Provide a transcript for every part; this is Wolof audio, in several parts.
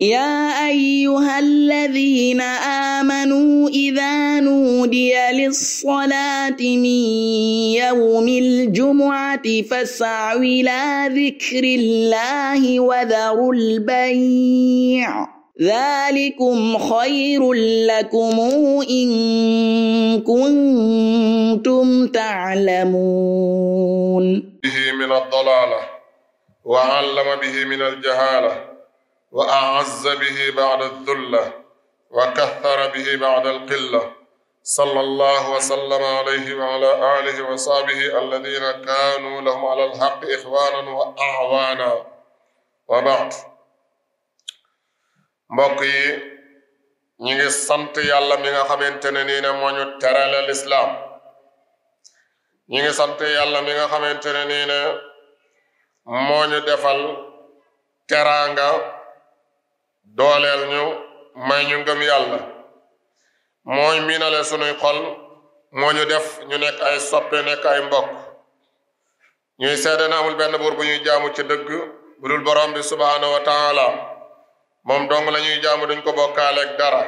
يا أيها الذين آمنوا إذا نودي للصلاة من يوم الجمعة فاسعوا إلى ذكر الله وذروا البيع ذلكم خير لكم إن كنتم تعلمون به من الضلالة وعلم به من الجهالة وأعز به بعد الذلة وكثر به بعد القلة صلى الله وسلم عليه وعلى آله وصحبه الذين كانوا لهم على الحق إخوانا وأعوانا وبعد mbokk yi ñu ngi sant yàlla mi nga xamante ne nii ne moo ñu terale lislaam ñu ngi sant yàlla mi nga xamante ne nii ne moo ñu defal teraanga dooleel ñu may ñu ngëm yàlla mooy miinale sunuy xol moo ñu def ñu nekk ay soppe nekk ay mbokk ñuy seede na amul benn buur bu ñuy jaamu ci dëgg bu dul borom bi subhaanahu wa taala moom dong la ñuy jaamu duñ ko bokkaaleeg dara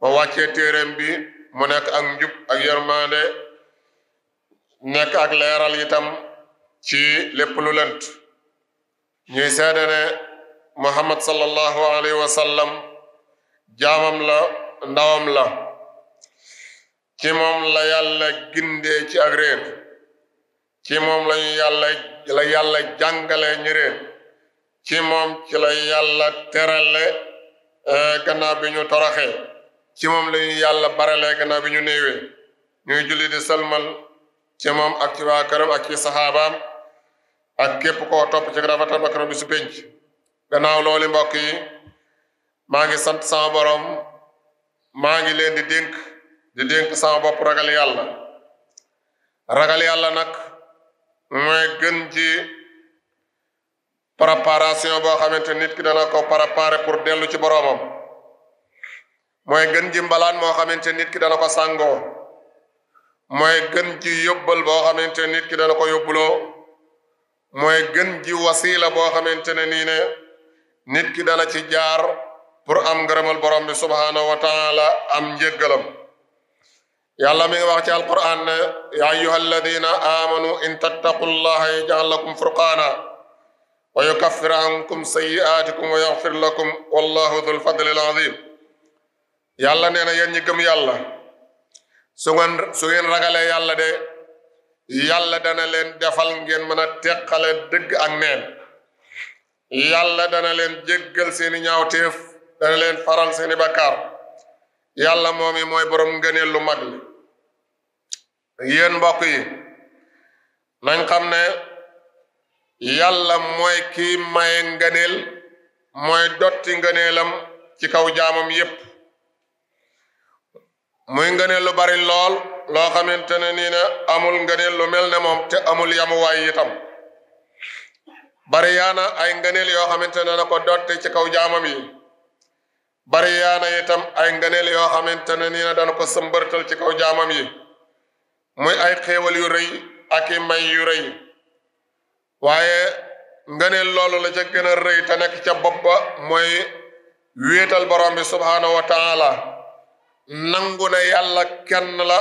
ba wàccee téeréem bi mu nekk ak njub ak yërmande nekk ak leeral yitam ci lépp lu lënt ñuy seede ne muhammad sallallahu alayhi wa sallam jaamam la ndawam la ci moom la yàlla gindee ci ak ci moom lañu yàlla la yàlla jàngale ñu ci moom ci la yàlla terale eh, gannaaw bi ñu toraxee ci moom lañu yàlla barale gannaaw bi ñu néewee ñuy julli di salmal ci moom ak ci waa këram ak ci saxaabaam ak képp koo topp ci rafetam ak bi su penc gannaaw loolu mbokk yi maa ngi sant sama borom maa ngi leen di dénk dénk sama bopp ragal yàlla ragal yàlla nag mooy gën ci préparation boo xamante nit ki dana ko préparer pour dellu ci boroomam mooy gën ji mbalaan moo xamante nit ki dana ko sàngoo mooy gën ji yóbbal boo xamante nit ki dana ko yóbbuloo mooy gën ji wasiila boo xamante ne nii ne nit ki dana ci jaar pour am ngërëmal borom bi subhaanahu wa am njéggalam yàlla mi ngi wax ci alquran ne ya ayyuha amanu in tattaqullaha yaj'al lakum furqaana wa yukaffir ankum sayyi'aatikum wa yaghfir lakum wallahu dhul fadlil azim yàlla nee na yéen ñi gëm yàlla su ngeen su ngeen yàlla de yàlla dana leen defal ngeen mën a teqale dëgg neen yàlla dana leen jéggal seeni ñaawteef dana leen faral seeni bakkaar yàlla moom yi mooy borom ngëneel lu mag li yéen mbokk yi nañ xam ne yàlla mooy kii maye ngëneel mooy dotti ngëneelam ci kaw jaamam yépp muy ngëneel lu bari lool loo xamante ne nii ne amul ngëneel lu mel ne moom te amul yamuwaay itam bari yaana ay ngëneel yoo xamante ne na ko dotte ci kaw jaamam yi bari yaana itam ay ngëneel yoo xamante ne nii dana ko sëmbërtal ci kaw jaamam yi muy ay xéewal yu rëy ak may yu rëy waaye ngëneel loolu la ca gën a rëy te nekk ca bopp ba mooy wéetal borom bi subhaanahu wa taala nangu na yàlla kenn la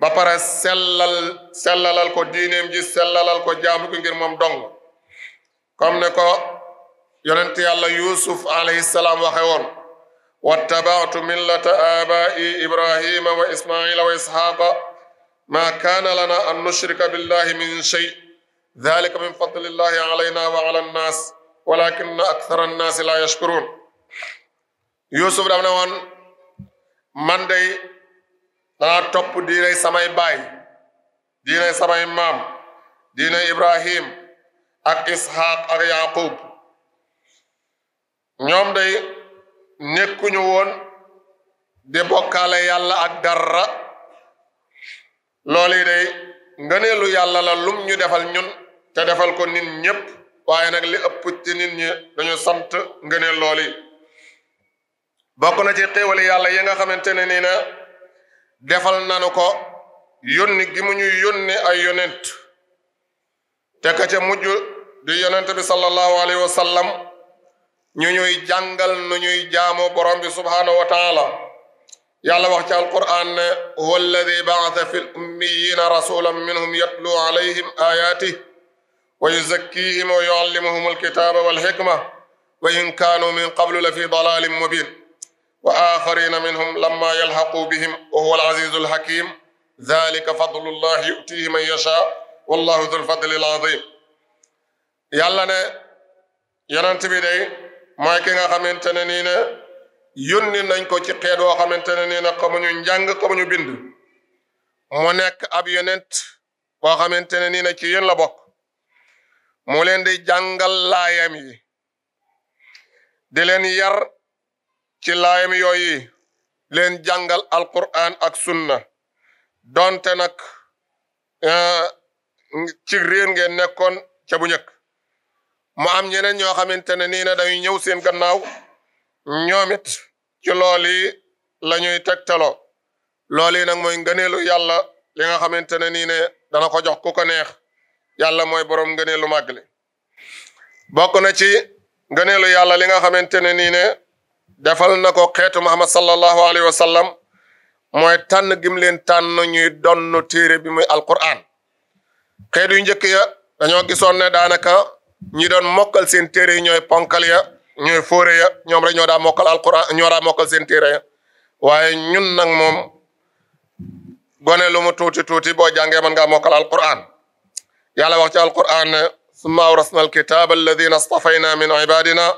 ba pare sellalal sellalal ko diineem ji sellalal ko jaamu ko ngir moom dong comme ne ko yonent yàlla yusuf alayhi salaam waxe woon wattabaatu millata abaai ibrahima wa ismaila wa isxaaqa ma kaana lana an nushrika billahi min shay dalika min fadlillahi alayna wa ala annaas walakinna akthara annaasi la yashkurun yusuf daf ne woon man day danaa topp diinay samay baay diinay samay maam diinay ibrahim ak isxaq ak yaqub ñoom day nekkuñu woon di bokkaale yàlla ak dara loolu yi day ngëneelu yàlla la lum ñu defal ñun te defal ko nit ñépp waaye nag li ëpp ci nit ñi dañu sant ngëneel lool yi bokk na ci xéewali yàlla yi nga xamante ne nii na defal nanu ko yónni gi mu ñu yónni ay yonent te ka ca mujj di yonente bi sallallahu alayhi wa sallam ñu ñuy jàngal nu ñuy jaamoo borom bi subhaanahu wa taala yàlla wax ci alquran ne huwa alladi baata fi l ummiyina rasulan minhum yatlu alayhim ayatih wa yuzakkihim wa yuallimuhum alkitaba walxikma wa in kaanu min qablu la fi dalalin mubin wa axarina minhum lamma yalxaqu bihim wa huwa alazizu alxakim dalika fadlu llah yutihi man yasha wallahu dul fadlil azim yàlla ne yonent bi day mooy ki nga xamante ne nii ne yónni nañ ko ci xeet woo xamante ne nii ne xamuñu njàng xamuñu bind mu nekk ab yonent boo xamante ne nii ne ci yéen la bokk mu leen di jàngal layam yi di leen yar ci laayam yooyu leen jàngal alquran ak sunna donte nag eh, ci réer ngeen nekkoon ca bu njëkk mu am ñeneen ñoo xamante ne nii na dañuy ñëw seen gannaaw ñoom it ci loolu la ñuy tegtaloo loolu yi nag mooy ngëneelu yàlla li nga xamante ne nii ne dana ko jox ku ko neex yàlla mooy borom ngëneelu màgg le bokk na ci ngëneelu yàlla li nga xamante ne nii ne defal na ko xeetu Muhammad sallallahu alayhi wa sallam mooy tànn gim leen tànn ñuy donn téere bi muy alquran xeet yu njëkk ya dañoo gisoon ne daanaka ñi doon mokkal seen téere yi ñooy ponkal ya ñooy fóore ya ñoom rek ñoo daa mokkal alquran ñoo daa waaye ñun nag moom gone lu tuuti tuuti boo jàngee man ngaa mokkal alquran yàlla wax ci alquran ne summa awrasna alkitaba alladina astafayna min ibadina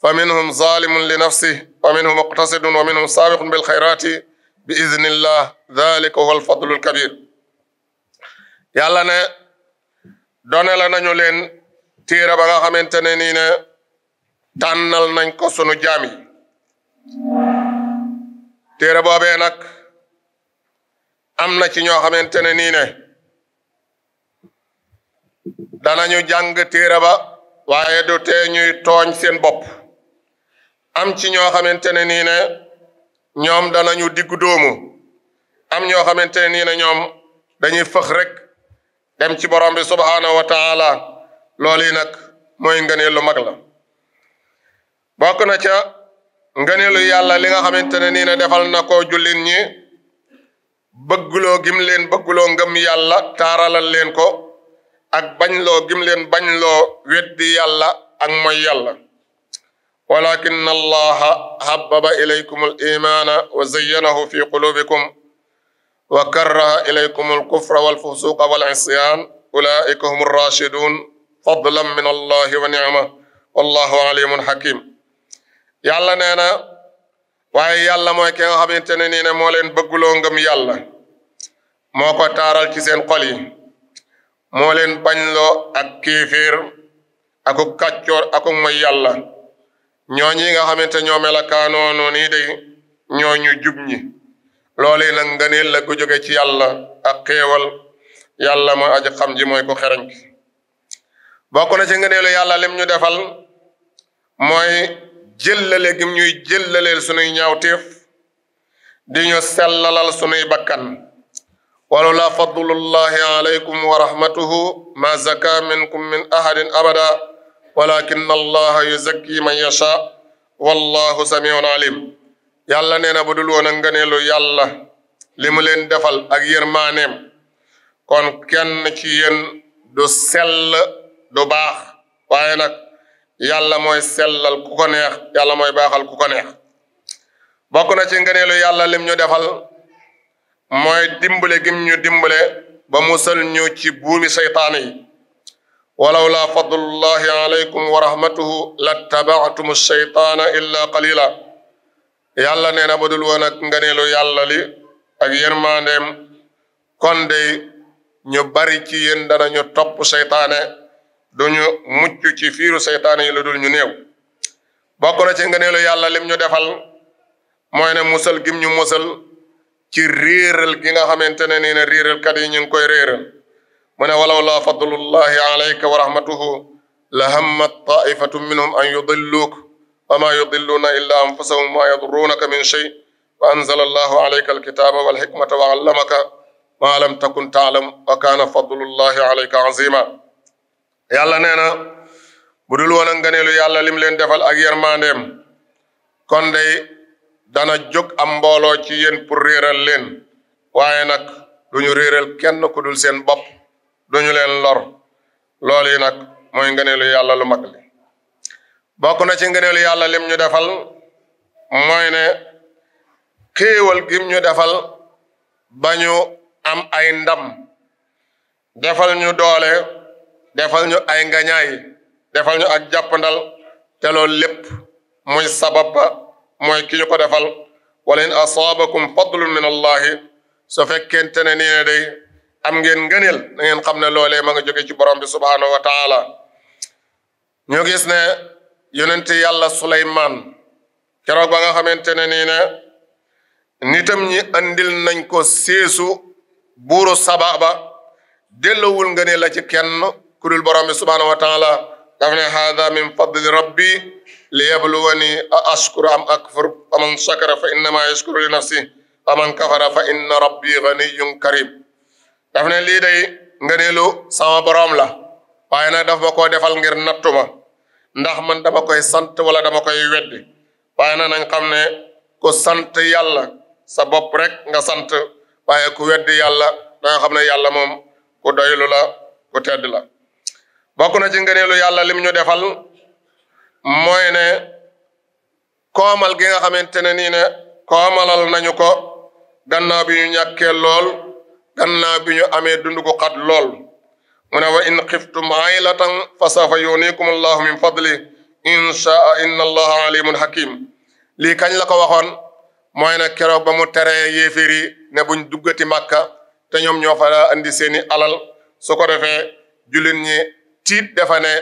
fa minhum zalimun li nafsih wa minhum muqtasidun wa minhum sabiqun bilxayrati bi huwa alfadlu alkabir yàlla ne done la nañu leen téere ba nga xamante ne nii ne tànnal nañ ko sunu jaam yi téere boobee nag am na ci ñoo xamante ne nii ne danañu jàng téere ba waaye doo tee ñuy tooñ seen bopp am ci ñoo xamante ne nii ne ñoom danañu diggu dóomu am ñoo xamante ne nii ne ñoom dañuy fëx rek dem ci borom bi subhaanahu wa taala loolu nag mooy ngëneelu mag la bokk na ca ngëneelu yàlla li nga xamante ne nii ne defal na ko jullit ñi bëgguloo gim leen bëgguloo ngëm yàlla taaralal leen ko ak bañloo gim leen bañloo weddi yàlla ak mooy yàlla walakin allaha habbaba ilaykum al imaana wa zayyanahu fi qulubikum wa karraha ilaykum alkufra walfusuqa walisyan ulaika hum arrachidun fadlan min allah wa nicma wallahu alimun hakim yàlla nee na waaye yàlla mooy ki nga xamante ne nii ne moo leen bëgguloo ngëm yàlla moo ko taaral ci seen xol yi moo leen bañloo ak kiifiir aku kàccoor aku moy yàlla ñooñi nga xamante ñoo melakaanoo noonu nii de ñooñu jub lool nag ngëneel la gu ci yàlla ak xéewal yàlla ma aji xam ji mooy ko xereñ ki bokk na ci ngëneelu yàlla lim ñu defal mooy jëllale gim ñuy jëllaleel sunuy ñaawteef di ñu sellalal sunuy bakkan walawla fadlullahi alaykum wa rahmatuhu ma zaka minkum min ahadin abada walakin allaha yuzakki man yasha wallahu samiun alim yàlla nee na bu dul woon a ngëneelu yàlla li mu leen defal ak yërmaaneem kon kenn ci yéen du sell du baax waaye nag yàlla mooy sellal ku ko yàlla mooy baaxal ku ko bokk na ci ngëneelu yàlla lim ñu defal mooy dimbale gim ñu dimbale ba musal ñu ci buumi seytaane yi walaw laa fadlullahi alaykum wa rahmatuhu la tabaatum seytaana illa qalila yàlla nee na ba dul woon ak nganeelu yàlla li ak yërmandeem kon dey ñu bari ci yéen danañu topp seytaane duñu mucc ci fiiru seytaane yi lu dul ñu néew bokk na ci nganeelu yàlla lim ñu defal mooy ne musal gim ñu musal ci réeral gi nga xamante ne nii ne réeralkat yi ñu ngi koy réeral mu ne walaw laa fadlullahi alayka wa rahmatuhu la hammat taifatun minhum an yudilluuk وما يضلون إلا أنفسهم ما يضرونك من شيء وأنزل الله عليك الكتاب والحكمة وعلمك ما لم تكن تعلم وكان فضل الله عليك عظيما yàlla nee na bu dul woon a ngëneelu yàlla lim leen defal ak yërmandeem kon day dana jóg am mbooloo ci yéen pour réeral leen waaye nag duñu réeral kenn ku dul seen bop duñu leen lor loolu yi nag mooy ngëneelu yàlla lu mag li bokk na ci ngëneelu yàlla lim ñu defal mooy ne xéewal gim ñu defal ba ñu am ay ndam defal ñu doole defal ñu ay ngañaay defal ñu ak jàppandal te loolu lépp muy sabab ba mooy ki ñu ko defal wala in asaabakum fadlun min allahi su fekkente ne nii day am ngeen ngëneel da ngeen xam ne loolee ma nga jóge ci borom bi subhanahu wa taala ñu gis ne yonente yàlla Suleymaan keroog ba nga xamante ne nii ne nitam ñi andil nañ ko seesu buuru sababa ba dellowul nga ne la ci kenn ku borom bi subhaanahu wa taala daf ne haada min fadli rabbi li yabluwani a ashkuru am akfur fa man fa innama yashkuru li nafsi fa kafara fa inna rabbi ganiyun karim daf ne lii day nga ne sama borom la waaye na daf ma ko defal ngir nattuma ndax man dama koy sant wala dama koy weddi waaye na nañ xam ne ko sant yàlla sa bopp rek nga sant waaye ku weddi yàlla danga xam ne yàlla moom ku doylu la ku tedd la bokk na ci ngëneelu yàlla lim ñu defal mooy ne koomal gi nga xamante ne nii ne koomalal nañu ko gannaaw bi ñu ñàkkee lool gannaaw bi ñu amee dund gu lool mu ne wa in xiftum aylatan fa sawfa yunikum allahu min fadli inchaa inna allaha alimun hakim lii kañ la ko waxoon mooy nag keroog ba mu teree yéeféer yi ne buñ duggati màkka te ñoom ñoo fa andi seeni alal su ko defee jullit ñi tiit dafa ne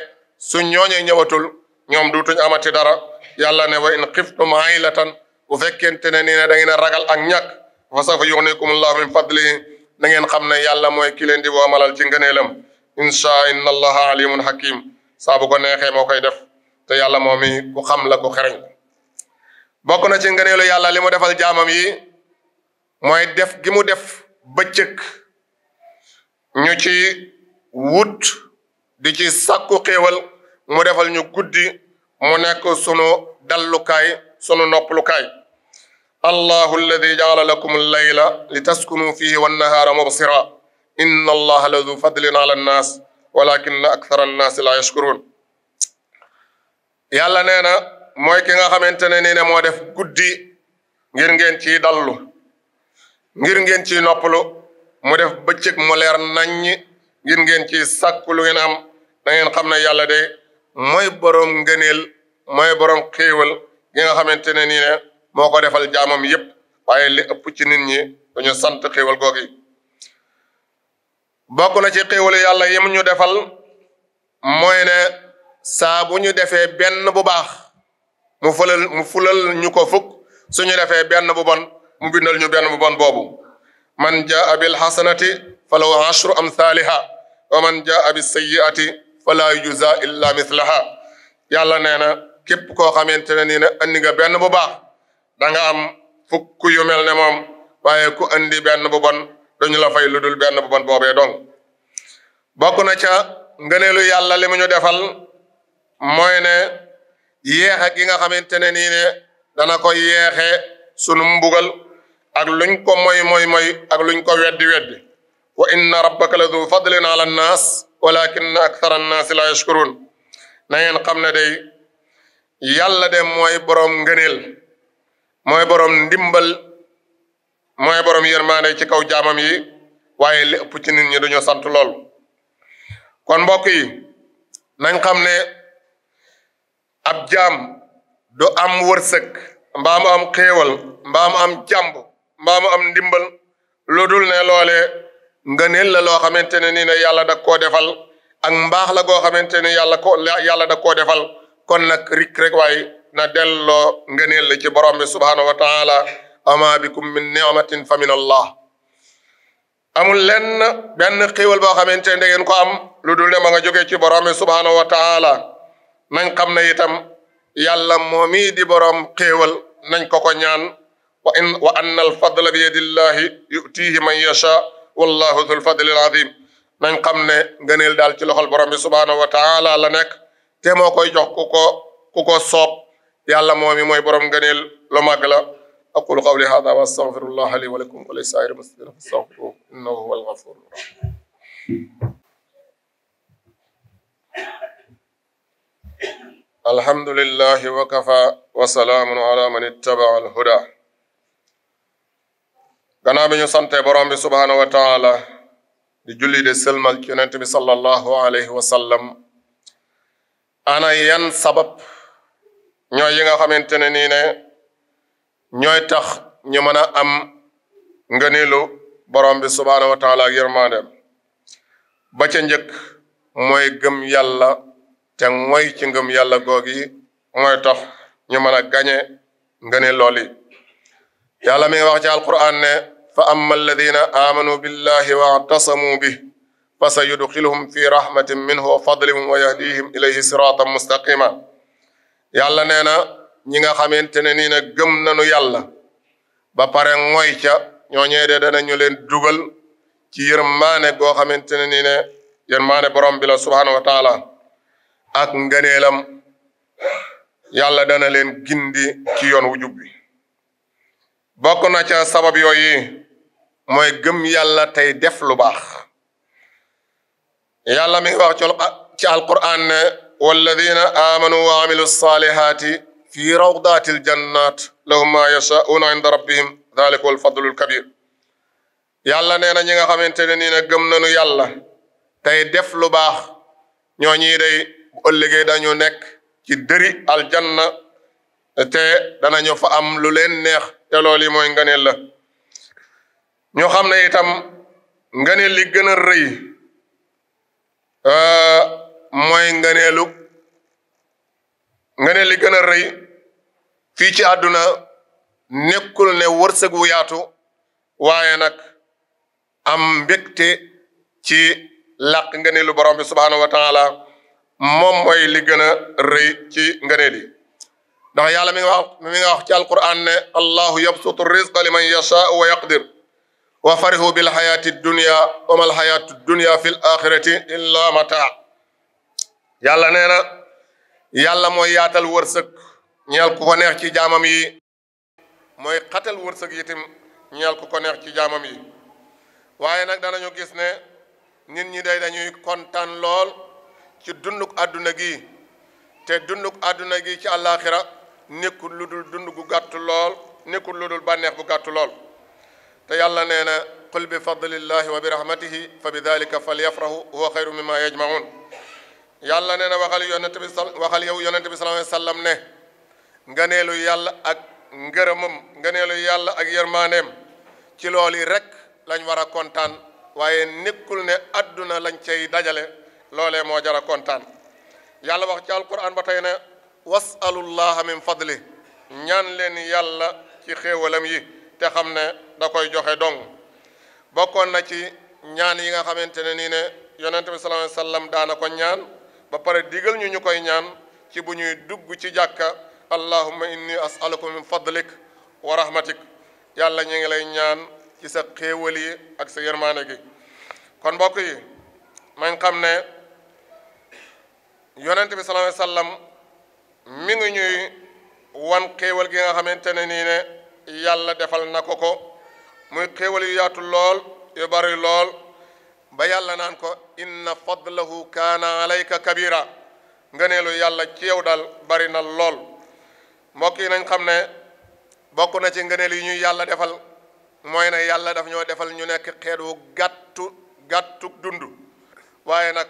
su ñooñee ñëwatul ñoom duutuñ amati dara yàlla ne wa in xiftum aylatan bu fekkente ne nii ne da ngeen a ragal ak ñàkk fa sawfa yunikum allahu min fadli na ngeen xam ne yàlla mooy ki leen di woomalal ci ngëneelam insha inna allaha alimun hakim saa ko neexee moo koy def te yàlla moom mi ku xam la ku xereñ bokk na ci ngëneelu yàlla li mu defal jaamam yi mooy def gi mu def bëccëg ñu ci wut di ci sàkku xéewal mu defal ñu guddi mu nekk sunu dallukaay sunu noppalukaay allahu alladi jaala lakum layla li taskunu fihi wannahaara mubsira inna allaha la du fadlin ala nnaas walakinna akthara annaasi la yashkurun yàlla nee na mooy ki nga xamante ne nii ne moo def guddi ngir ngeen ci dallu ngir ngeen ci noppalu mu def bëccëg mu leer naññ ngir ngeen ci sàkku lu ngeen da ngeen xam ne yàlla de mooy borom ngëneel mooy borom xéewal gi nga xamante ne nii moo ko defal jaamam yépp waaye li ëpp ci nit ñi dañu sant xéewal googi bokk na ci xéewalu yàlla yim ñu defal mooy ne saa bu ñu defee benn bu baax mu fulal mu ñu ko fukk suñu defee benn bu bon mu bindal ñu benn bu bon boobu man jaa bil xasanati falahu ashru amthaliha wa man jaa bis sayyiati fala yujza illa mithlaha yàlla nee na képp koo xamante ne nii ne andi benn bu baax da am fukk yu mel ne moom waaye ku indi benn bu bon duñu la fay lu dul benn bu bon boobee dong bokk na ca ngëneelu yàlla li mu defal mooy ne yeexe gi nga xamante ne nii dana ko yeexe sunu mbugal ak luñ ko moy moy moy ak luñ ko weddi weddi wa inna rabbaka la du fadlin ala nnaas walakin akthara nnaasi la yashkurun na ngeen xam ne day yàlla de mooy boroom ngëneel mooy boroom ndimbal mooy borom yërmaande ci kaw jaamam yi waaye li ëpp ci nit ñi dañoo sant lool kon mbokk yi nañ xam ne ab jaam do am wërsëg mbaa am xéewal mbaa am jàmb mbaam am ndimbal lu ne loole ngëneel la loo xamante ne nii ne yàlla da koo defal ak mbaax la goo xamante ne yàlla ko yàlla da koo defal kon nag rik rek waaye na delloo ngëneel la ci borom bi subhaanahu wa taala ama bikum min ni'matin fa min allah amul lenn benn xéewal boo xamante ne ngeen ko am lu dul ne nga joge ci borom bi subhaanahu wa taala nañ xam ne itam yàlla moomii di borom xéewal nañ ko ko ñaan wa in wa anna al fadla bi yadillahi man yasha wallahu dhul fadli al azim daal ci loxol borom bi subhaanahu wa taala la nekk koy jox ku ko ku ko moomi mooy borom ngëneel lu màgg la aqulu qawli hada wa astaghfirullaha li wa lakum wa li saa'iri muslimin fastaghfiruhu innahu huwal ghafurur rahim الحمد لله وكفى وسلام على من اتبع di julli de sëlmal ci yonent bi sallallahu alayhi wa ana yan sabab ñooy yi ne nii ñooy tax ñu mën a am ngëneelu borom bi subhaanahu wa taala ak yërmandeem ba ca njëkk mooy gëm yàlla te mooy ci ngëm yàlla goog yi mooy tax ñu mën a gañe ngëneel lool yi yàlla mi ngi wax ci alquran ne fa amma alladina amanu billahi wa tasamu bi fa sa yudxiluhum fi rahmatin minhu wa fadlin wa yahdihim ilayhi siratan mustaqima yàlla nee na ñi nga xamante ne nii nag gëm nañu yàlla ba pare ngoy ca ñooñee de leen dugal ci yërmaane goo xamante ne nii ne yërmaane borom bi la subhaanahu wa taala ak ngëneelam yàlla dana leen gindi ci yoon wu jub bi bokk na ca sabab yooyu mooy gëm yàlla tey def lu baax yàlla mi ngi wax ci alquran ne walladina amanu wa amilu salihaati fi rawdaatil jannaat lahum maa yashaa'uuna inda rabbihim daalika wal fadlul kabiir yàlla nee na ñi nga xamante ne nii nag gëm nañu yàlla tey def lu baax ñoo ñii day bu ëllëgee dañu nekk ci dëri janna te danañu fa am lu leen neex te loolu mooy ngëneel la ñoo xam ne itam ngëneel li gën a rëy mooy ngëneelu ngëneel li gën a rëy fii ci àdduna nekkul ne wërsëg wu yaatu waaye nag am mbégte ci làq ngëneelu borom bi subhaanahu wa taala moom mooy li gën a rëy ci ngëneel yi ndax yàlla mi wax mi wax ci alquran ne allahu yabsutu rizqa liman yashaau wa yaqdir wa farihu bil xayaati dunia wa mal xayaatu fi l axirati illa mataa yàlla nee na yàlla yaatal wërsëg ñeel ku ko neex ci jaamam yi mooy xatal wërsëg yitim ñeel ku ko neex ci jaamam yi waaye nag danañu gis ne nit ñi day dañuy kontaan lool ci dunduk àdduna gi te dunduk àdduna gi ci àllaaxira nekkul lu dul dund gu gàtt lool nekkul lu dul bànneex bu gàtt lool te yàlla nee na qul bi fadlillahi wa bi rahmatihi fa bi dalika falyafrahu huwa xayru mimma yajmaun yàlla nee na waxal yonente bi waxal yow yonente bi sallallahu sallam ne ngëneelu yàlla ak ngërëmam ngëneelu yàlla ak yërmaaneem ci lool yi rek lañ war a kontaan waaye nekkul ne àdduna lañ cay dajale loolee moo jar kontaan yàlla wax ci alquran ba tey ne wasalullaha min fadli ñaan leen yàlla ci xéewalam yi te xam ne da koy joxe dong bokkoon na ci ñaan yi nga xamante ne nii ne yonente bi sallallahu alayhi ko ñaan ba pare digal ñu ñu koy ñaan ci bu ñuy dugg ci jàkka allahumma inni asaluka min fadlik wa rahmatik yàlla ñu ngi lay ñaan ci sa xéewal yi ak sa yërmaane gi kon mbokk yi nañ xam ne yonent bi sallallahu alayhi wasallam mi ngi ñuy wan xéewal gi nga xamante ne nii ne yàlla defal na ko ko muy xéewal yu yaatu lool yu bari lool ba yàlla naan ko inna fadlahu kaana alayka kabira ngëneelu yàlla ci yow daal bari na lool mbokk yi nañ xam ne bokk na ci ngëneel yi ñuy yàlla defal mooy ne yàlla daf ñoo defal ñu nekk xeet wu gàttu gàttu dund waaye nag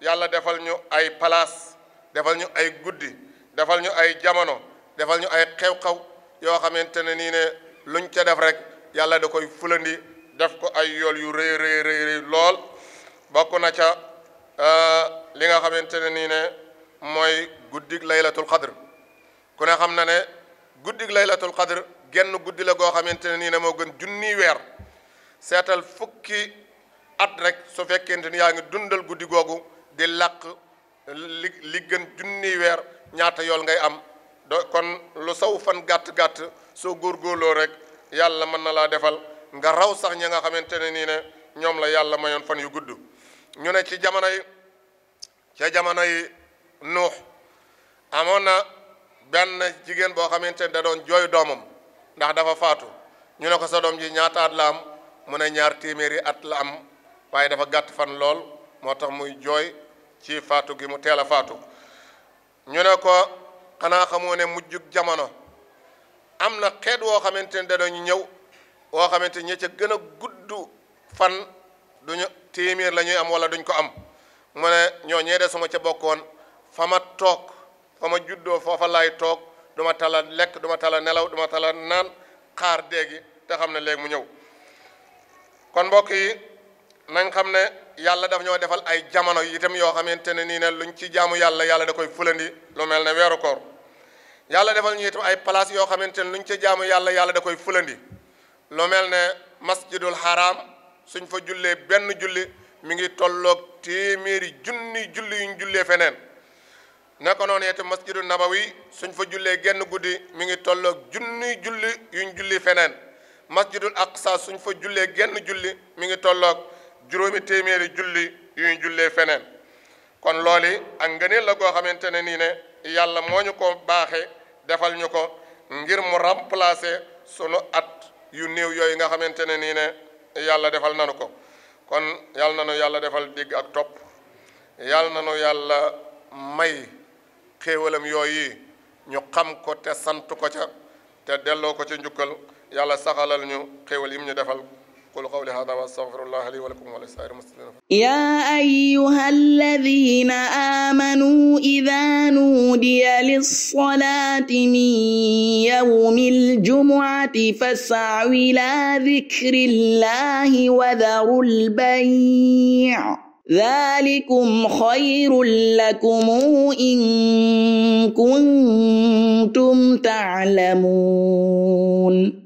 yàlla defal ñu ay palaas defal ñu ay guddi defal ñu ay jamono defal ñu ay xew-xew yoo xamante ne nii ne lu luñ ca def rek yàlla da koy fulandi def ko ay yool yu rëy rëy lool bokk na ca euh, li nga xamante ne nii ne mooy guddig laylatul xadr ku ne xam na ne guddi laylatul qadr genn guddi la goo xamante ne nii ne moo gën junni weer seetal fukki at rek su fekkente ni yaa ngi dundal guddi googu di làq li gën junni weer ñaata yool ngay am do kon lu saw fan gàtt-gàtt soo góorgóorloo rek yàlla mën na laa defal nga raw sax ñi nga xamante ne nii ne ñoom la yàlla mayoon fan yu gudd ñu ne ci jamono yi ca jamono yi nuux amoon na benn jigéen boo xamante ne da doon jooy doomam ndax dafa faatu ñu ne ko sa doom ji ñaata at la am mu ne ñaar téeméeri at la am waaye dafa gàtt fan lool moo tax muy jooy ci faatu gi mu teel a faatu ñu ne ko xanaa xamoo ne mujjug jamono am na xeet woo xamante ne dañu ñëw woo xamante ñi ca gën a gudd fan duñu téeméer lañuy am wala duñ ko am mu ne ñoo ñee de suma ca bokkoon fa ma toog fa ma juddoo foofa laay toog du ma tala lekk du ma tala nelaw du ma tala naan xaar déegi te xam ne léegi mu ñëw kon mbokk yi nañ xam ne yàlla daf ñoo defal ay jamono itam yoo xamante ne nii ne luñ ci jaamu yàlla yàlla da koy fulandi lu mel ne weeru koor yàlla defal ñu itam ay place yoo xamante ne luñ ci jaamu yàlla yàlla da koy fulandi lu mel ne masjidul haram suñ fa jullee benn julli mi ngi tolloog téeméeri junni julli yuñ jullee feneen naka noonu itam masjidu nabawi suñ fa jullee genn guddi mi ngi tolloog junni julli yuñ julli feneen masjidul aqsa suñ fa jullee genn julli mi ngi tolloog juróomi téeméeri julli yuñ jullee feneen kon loolu ak ngëneel la goo xamante ne nii ne yàlla moo ñu ko baaxe defal ñu ko ngir mu remplacer sunu at yu néew yooyu nga xamante ne nii ne yàlla defal nanu ko kon yàlla nanu yàlla defal dégg ak topp yàlla nanu yàlla may xéewalam yooyu ñu xam ko te sant ko ca te delloo ko ca njukkal yàlla saxalal ñu xéewal yim ñu defal قولوا قولي هذا واستغفر الله لي ولكم ولسائر المسلمين يا ايها الذين امنوا اذا نودي للصلاه من يوم الجمعه فاسعوا الى ذكر الله وذروا البيع ذلكم خير لكم إن كنتم تعلمون